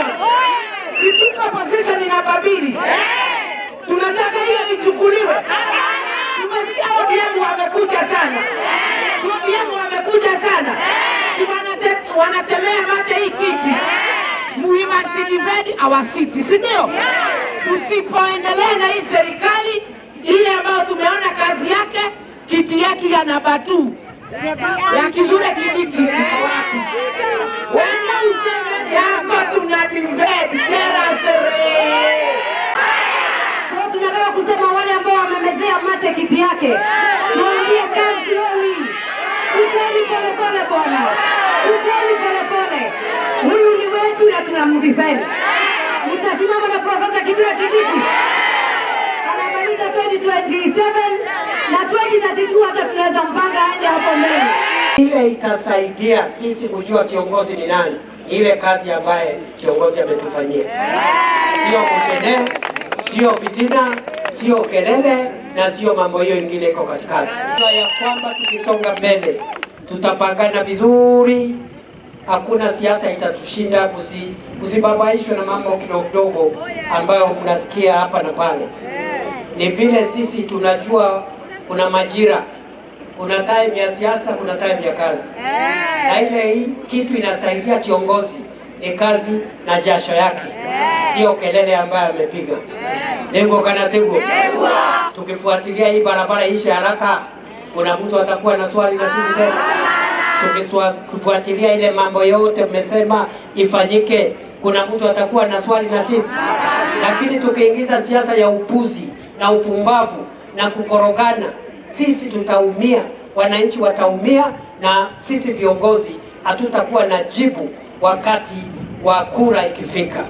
position. Si tuko position ina Tunataka hiyo ichukuliwe. Tumesikia ODM wamekuja sana. ODM wamekuja sana. Si wanatemea mate hii kiti. We must defend our city, si ndio? Tusipoendelea na hii serikali ile ambayo tumeona kazi yake, kiti yetu ya nabatu ya Kithure Kindiki tunataka kusema wale ambao wamemezea mate kiti yake, tuambie kanseli, ucheni polepole bwana, ucheni polepole, huyu ni wetu na tunamdifeni. Utasimama na Profesa Kithure Kindiki anamaliza 2027 na 2032 hata tunaweza mpanga aje hapo mbele. Ile itasaidia sisi kujua kiongozi ni nani, ile kazi ambaye kiongozi ametufanyia, sio kushenea sio fitina, sio kelele na sio mambo hiyo ingine iko katikati, ya kwamba tukisonga mbele tutapangana vizuri, hakuna siasa itatushinda. Usibabaishwe na mambo kidogo kidogo ambayo mnasikia hapa na pale. Ni vile sisi tunajua kuna majira, kuna time ya siasa, kuna time ya kazi, na ile kitu inasaidia kiongozi ni kazi na jasho yake, sio kelele ambayo amepiga. Nengwa Kanategwa, tukifuatilia hii barabara ishe haraka, kuna mtu atakuwa na swali na sisi tena. Tukifuatilia ile mambo yote mmesema ifanyike, kuna mtu atakuwa na swali na sisi. Lakini tukiingiza siasa ya upuzi na upumbavu na kukorogana, sisi tutaumia, wananchi wataumia, na sisi viongozi hatutakuwa na jibu wakati wa kura ikifika.